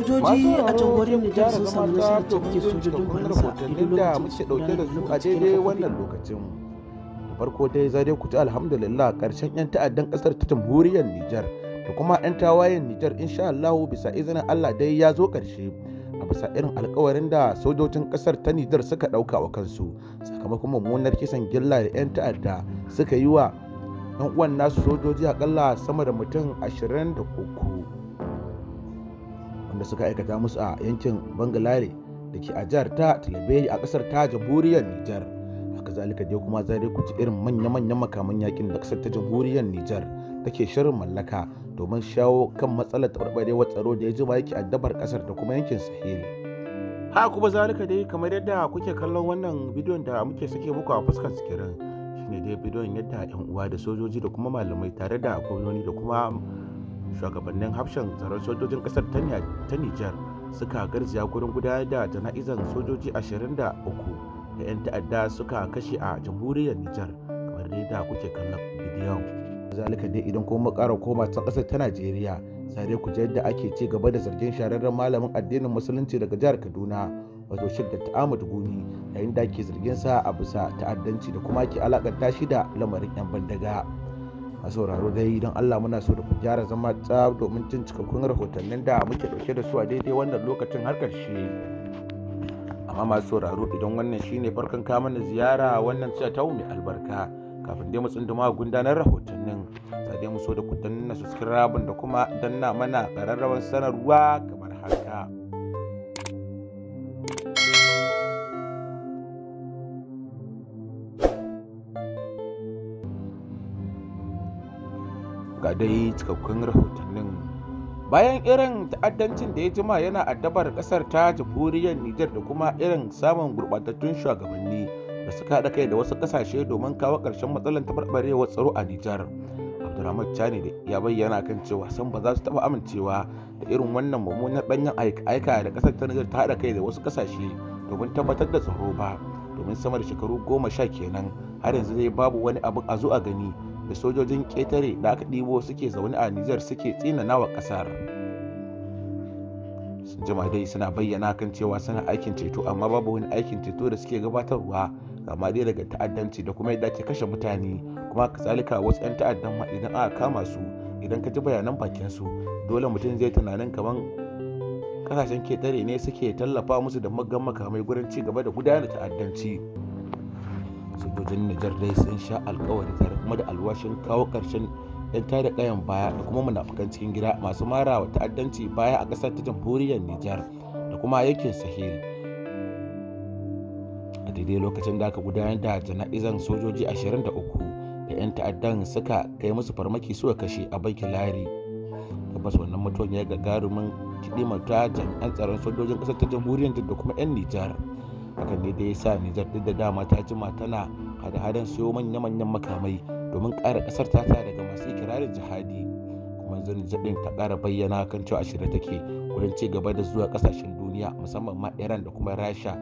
sojoji a jamhuriyar nijar sun samu nasarar cikin sojojin faransa idan da muke dauke da su a daidai wannan lokacin da farko dai zare ku ci alhamdulillah karshen yan ta'addan kasar ta jamhuriyar nijar da kuma yan tawayen nijar insha Allah bisa izinin Allah dai ya zo karshe a bisa irin alkawarin da sojojin kasar ta nijar suka dauka wa kansu sakamakon mummunar kisan gilla da yan ta'adda suka yi wa yan uwan nasu sojoji akalla sama da mutum 23 wanda suka aikata musu a yankin bangalare da ke a jihar ta talibeli a kasar ta jamhuriyar nijar haka zalika dai kuma zai kuci irin manya-manyan makaman yakin da kasar ta jamhuriyar nijar take shirin mallaka domin shawo kan matsalar taɓarɓarewar tsaro da ya jima yake addabar kasar da kuma yankin sahel ha kuma zalika dai kamar yadda kuke kallon wannan bidiyon da muke sake muku a fuskar sikirin shine dai bidiyon yadda yan uwa da sojoji da kuma malamai tare da gwamnoni da kuma shugabannin hafshan tsaron sojojin kasar ta nijar suka garzaya gurin gudanar da jana'izan sojoji 23 da 'yan ta'adda suka kashe a jamhuriyar nijar kamar dai da kuke kallon bidiyon zalika dai idan kuma ƙara koma ta ƙasar ta najeriya sai dai ku ji yadda ake ci gaba da zargin shahararren malamin addinin musulunci daga jihar kaduna wato shi ta ahmad guni yayin da ake zargin sa a bisa ta'addanci da kuma ke alakanta shi da lamarin 'yan bandaga. a sauraro dai don Allah muna so da ku gyara zama tsab domin cin cikakkun rahotannin da muke dauke da su a daidai wannan lokacin har karshe amma masu sauraro idan wannan shine farkon ka mana ziyara wannan cewa ta mai albarka kafin dai mu tsunduma gundanar rahotannin sai dai mu so da ku danna subscribe da kuma danna mana kararrawar sanarwa kamar haka ga dai cikakkun rahotannin bayan irin ta'addancin da ya jima yana addabar kasar ta jamhuriyar nijar da kuma irin samun gurbatattun shugabanni da suka haɗa kai da wasu ƙasashe domin kawo ƙarshen matsalar taɓarɓarewar tsaro a nijar abdulrahman chani da ya bayyana kan cewa san ba za su taɓa amincewa da irin wannan mummunar ɗanyen aika da ƙasar ta nijar ta haɗa kai da wasu ƙasashe domin tabbatar da tsaro ba domin sama da shekaru goma sha kenan har yanzu dai babu wani abu a zo a gani da sojojin ƙetare da aka ɗibo suke zaune a Nijar suke tsina nawa ƙasar. jima suna bayyana kan cewa suna aikin ceto amma babu wani aikin ceto da suke gabatarwa kama dai daga ta'addanci da kuma yadda ake kashe mutane kuma kasalika wasu 'yan ta'addan ma idan aka kama su idan ka ji bayanan bakin su dole mutum zai tunanin kamar kasashen ketare ne suke tallafa musu da magan makamai gurin ci gaba da gudanar ta'addanci sojojin nijar dai sun sha alkawari tare kuma da alwashin kawo ƙarshen 'yan tare kayan baya da kuma munafukan cikin gida masu mara wa ta'addanci baya a ƙasar ta jamhuriyar nijar da kuma yankin sahel a daidai lokacin da aka gudanar da jana'izan sojoji 23 da 'yan ta'addan suka kai musu farmaki suka kashe a bankin lari tabbas wannan mutum ya gagarumin kiɗi ta jami'an tsaron sojojin ƙasar ta jamhuriyar da kuma 'yan nijar hakan ne da ya sa Nijar duk da dama ta jima tana hada-hadan siyo manya-manyan makamai domin ƙara kasar ta daga masu ikirarin jihadi kuma yanzu Nijar ɗin ta kara bayyana kan cewa ashirin take wurin ci gaba da zuwa kasashen duniya musamman ma Iran da kuma Rasha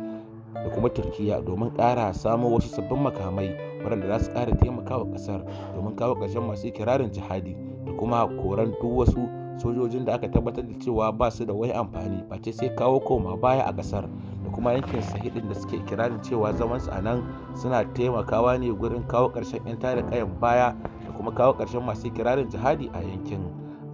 da kuma Turkiya domin kara samo wasu sabbin makamai waɗanda za su ƙara taimakawa kasar domin kawo ƙarshen masu ikirarin jihadi da kuma koran duk wasu sojojin da aka tabbatar da cewa ba su da wani amfani face sai kawo koma baya a kasar. da kuma yankin sahidin da suke kirari cewa zaman a nan suna taimakawa ne gurin kawo karshen 'yan tada kayan baya da kuma kawo karshen masu kirarin jihadi a yankin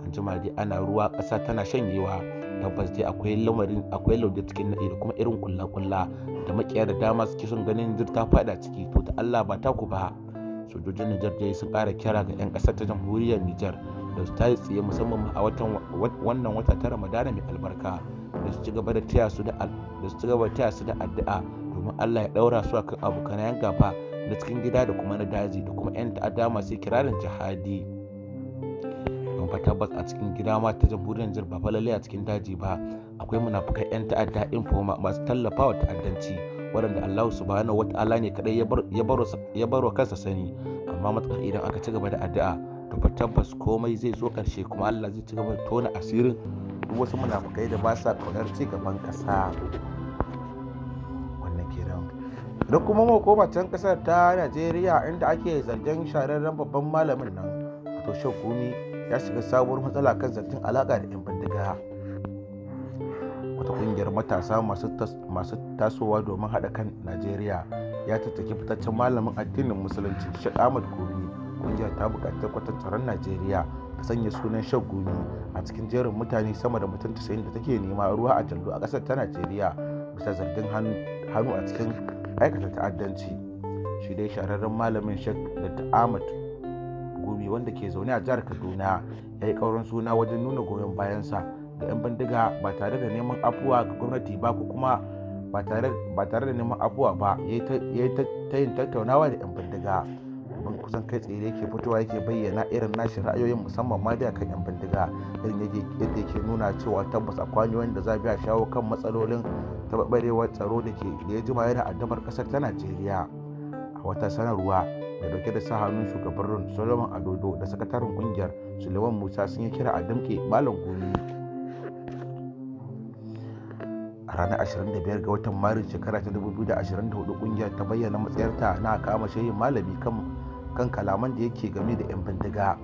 an jima dai ana ruwa ƙasa tana shanyewa tabbas dai akwai lamarin akwai lauje cikin na'i da kuma irin kulla-kulla da makiya da dama suke son ganin ta faɗa ciki to ta Allah ba ta ku ba sojojin Nijar dai sun ƙara kira ga 'yan ƙasar ta jamhuriyar Nijar da su tayi tsaye musamman a watan wannan wata ta Ramadana mai albarka da su ci gaba da taya su da da su ci gaba taya su da addu'a domin Allah ya daura su akan abokan gaba na cikin gida da kuma na daji da kuma 'yan ta'adda masu kirarin jihadi don fa tabbas a cikin gida ma ta jamhuriyar Nijar ba lalle a cikin daji ba akwai munafukan 'yan ta'adda infoma masu tallafawa ta'addanci waɗanda Allah subhanahu wata'ala ne kadai ya baro kansa sani amma matsar idan aka ci gaba da addu'a to fa tabbas komai zai zo karshe kuma Allah zai ci gaba da tona asirin duk wasu munafukai da ba sa kaunar ci gaban ƙasa wannan kenan da kuma can ƙasar ta najeriya inda ake zargin shararren babban malamin nan wato shakumi ya shiga sabuwar matsala kan zartin alaƙa da 'yan bindiga wata ƙungiyar matasa masu tasowa domin haɗa kan najeriya ya tattaki fitaccen malamin addinin musulunci shek ahmad gobe ƙungiyar ta buƙaci kwatattaran najeriya a sanya sunan shagunu gumi a cikin jerin mutane sama da mutum 90 da take nema ruwa a jallo a kasar ta najeriya bisa zargin hannu a cikin aikata ta'addanci shi dai shahararren malamin shek da ahmad gumi wanda ke zaune a jihar kaduna ya yi kauran suna wajen nuna goyon bayansa ga 'yan bindiga ba tare da neman afuwa ga gwamnati ba ko kuma ba tare da neman afuwa ba ya yi ta yin tattaunawa da 'yan bindiga abin kusan kai tsaye yake fitowa yake bayyana irin nashi ra'ayoyin musamman ma da kan yan bindiga irin yadda yake nuna cewa tabbas akwai hanyoyin da za biya shawo kan matsalolin taɓarɓarewar tsaro da ke da ya jima yana addabar kasar ta najeriya a wata sanarwa mai dauke da sa hannun shugaban solomon adodo da sakataren kungiyar suleiman musa sun yi kira a damke malam gumi a ranar 25 ga watan maris shekara ta 2024 kungiyar ta bayyana matsayarta na kama shehin malami kan kan kalaman da yake game da 'yan bindiga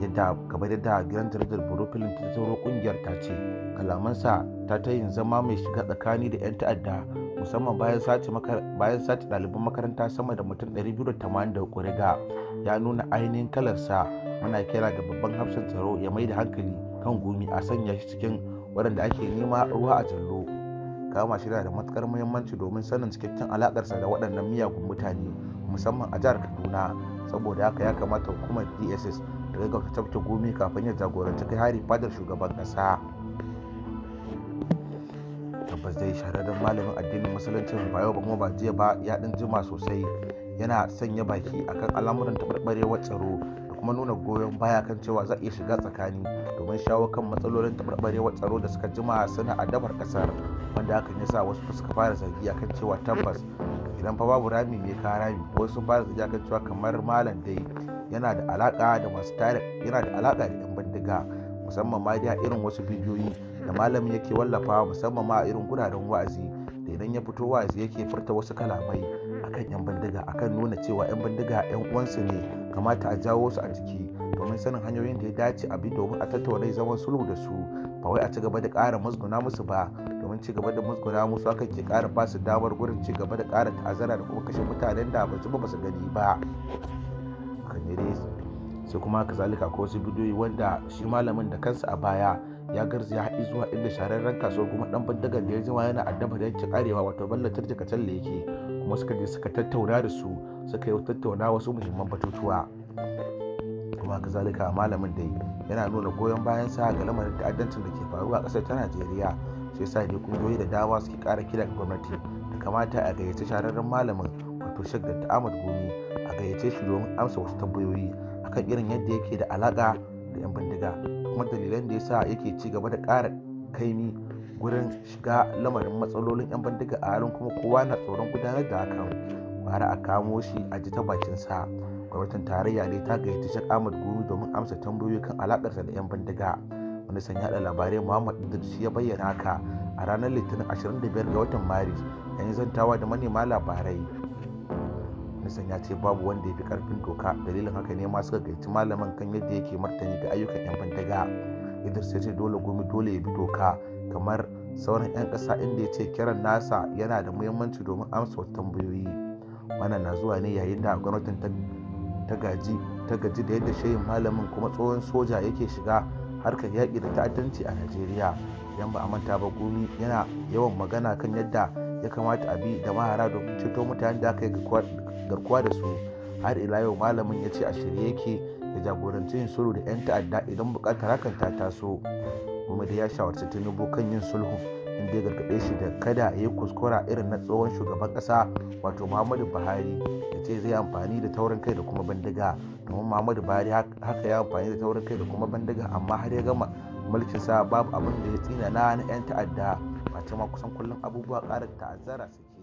yadda gaba da gidan jaridar brooklyn ta tsoro kungiyar ta ce kalamansa ta ta yin zama mai shiga tsakani da 'yan ta'adda musamman bayan sace ɗaliban makaranta sama da mutum 280 da kuriga ya nuna ainihin kalarsa muna kira ga babban hafsan tsaro ya mai da hankali kan gumi a sanya shi cikin waɗanda ake nema ruwa a jallo kama shi da matukar muhimmanci domin sanin cikakken alakarsa da waɗannan miyagun mutane musamman a jihar kaduna saboda haka ya kamata hukumar dss da ga ta tafta gumi kafin ya jagoranci kai hari fadar shugaban kasa tabbas dai shahararren malamin addinin musulunci mai yau ba kuma ba jiya ba ya jima sosai yana sanya baki akan al'amuran tabarbarewar tsaro da kuma nuna goyon baya kan cewa za a iya shiga tsakani domin shawo kan matsalolin taɓarɓarewar tsaro da suka jima suna adabar ƙasar wanda hakan ya sa wasu suka fara zargi akan cewa tabbas idan fa babu rami mai ka rami wasu ba su cewa kamar malam dai yana da alaka da masu tare yana da alaka da yan bindiga musamman ma da irin wasu bidiyoyi da malamin yake wallafa musamman ma a irin guraren wa'azi da idan ya fito wa'azi yake furta wasu kalamai akan yan bindiga akan nuna cewa yan bindiga yan uwansu ne kamata a jawo su a jiki domin sanin hanyoyin da ya dace a bi domin a tattaunai zaman sulhu da su ba wai a ci gaba da ƙara musguna musu ba domin ci gaba da musguna musu haka ke ƙara ba su damar gurin ci gaba da ƙara ta'azara da kuma kashe mutanen da ba su ba su gani ba sai kuma kazalika ko wasu bidiyoyi wanda shi malamin da kansa a baya ya garzaya haɗi zuwa inda shahararren kasuwar kuma ɗan bindigar da ya jima yana addaba da yanke arewa wato ballar tarjika talle yake kuma suka je suka tattauna da su suka yi tattauna wasu muhimman batutuwa kuma kazalika malamin dai yana nuna goyon bayan sa ga lamarin ta'addancin da ke faruwa a ƙasar ta najeriya sai sa dai kungiyoyi da dama suke kara kira ga gwamnati da kamata a gayyace shahararren malamin wato shek da ahmad gomi a gayyace shi domin amsa wasu tambayoyi akan irin yadda yake da alaka da 'yan bindiga kuma dalilan da ya yasa yake ci gaba da ƙara kaimi gurin shiga lamarin matsalolin 'yan bindiga a halin kuma kowa na tsoron gudanar da hakan bara a kamo shi a ji ta bakin sa kwamitin tarayya ne ta gayyaci shek ahmad guru domin amsa tambayoyi kan alakarsa da yan bindiga wani sanya da labarai muhammad idris ya bayyana haka a ranar litinin 25 ga watan maris yayin zantawa da manema labarai nisan ya ce babu wanda ya fi karfin doka dalilin haka ne ma suka gaici malaman kan yadda yake martani ga ayyukan 'yan bindiga idris ya ce dole gumi dole ya bi doka kamar sauran 'yan ƙasa inda ya ce kiran nasa yana da muhimmanci domin amsa wata tambayoyi wannan na zuwa ne yayin da gwamnatin ta ta gaji ta gaji da yadda shehin malamin kuma tsohon soja yake shiga harkar yaƙi da ta'addanci a najeriya 'yan ba a manta ba gumi yana yawan magana kan yadda ya kamata a bi da mahara domin ceto mutanen da aka yi garkuwa da su har ila yau malamin ya ce a shirye yake ya jagoranci yin sulhu da 'yan ta'adda idan bukatar hakan ta taso kuma da ya shawarci tinubu kan yin sulhu inda ya gargaɗe shi da kada ya yi kuskura irin na tsohon shugaban ƙasa wato muhammadu buhari ce zai amfani da taurin kai da kuma bindiga domin muhammadu buhari haka ya amfani da taurin kai da kuma bindiga amma har ya gama mulkin sa babu abin da ya tsina na 'yan ta'adda ma kusan kullum abubuwa ƙara ta'azzara suke